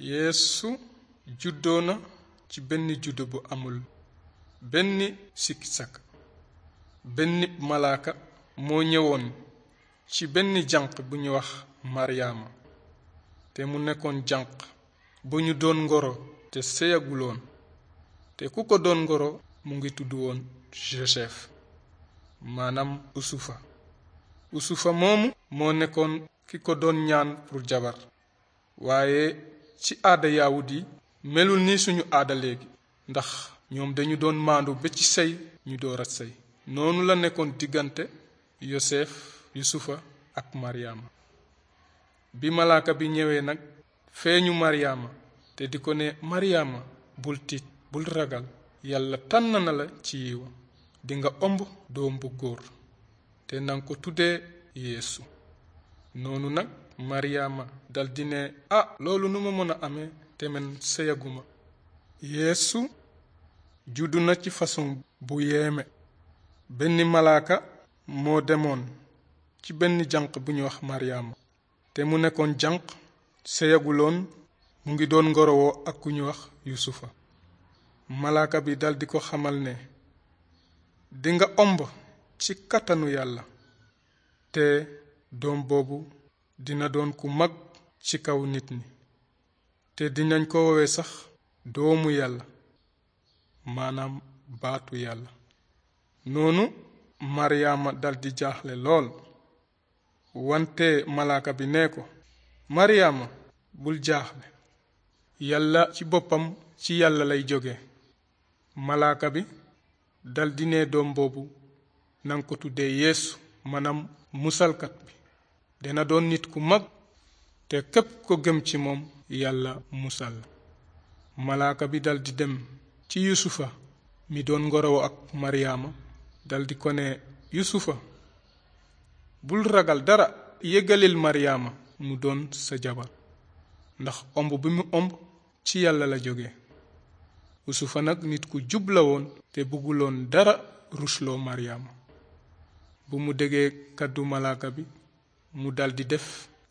yeesu juddoo na ci benn juddu bu amul benn sikki benn malaaka moo ñëwoon ci benn jànq bu ñu wax maryaama te mu nekkoon janq bu ñu doon ngoro te seyaguloon te ku ko doon ngoro mu ngi tudd woon joseph maanaam usufa usufa moomu moo nekkoon ki ko doon ñaan pour jabar waaye ci aada yaawut yi melul ni suñu aada léegi ndax ñoom dañu doon maandu ba ci sëy ñu door a sëy noonu la nekkoon diggante yosef yusufa ak maryaama bi malaaka bi ñëwee nag feeñu maryaama te di ko ne maryaama bul tiit bul ragal yàlla tànn na la ci yiwa dinga omb doom bu góor te nanga ko tuddee yeesu noonu nag maryaama daldi ne ah loolu nu ma mën a amee te man sëyaguma juddu na ci façon bu yéeme benn malaaka moo demoon ci benn janq bu ñu wax maryaama te mu nekkoon janq sëyaguloon mu ngi doon ngoro ak ku ñu wax yusufa malaaka bi daldi ko xamal ne dinga omb ci kattanu yàlla te doom boobu dina doon ku mag ci kaw nit ñi te dinañ ko woowee sax doomu yàlla maanaam baatu yàlla noonu maryaama daldi jaaxle lool wante malaaka bi nee ko maryaama bul jaaxle yàlla ci boppam ci yàlla lay jóge malaaka bi daldi ne doom boobu nanga ko tuddee yéesu maanaam musalkat bi dina doon nit ku mag te képp ko gëm ci moom yàlla musal malaaka bi daldi dem ci yusufa mi doon ngorowo ak maryaama daldi ko ne yusufa bul ragal dara yëgalil maryaama mu doon sa jabar ndax omb bi mu omb ci yàlla la jóge yusufa nag nit ku jub la woon te bëgguloon dara rusloo maryaama bu mu déggee kàddu malaaka bi mu daldi def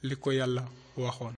li ko yàlla waxoon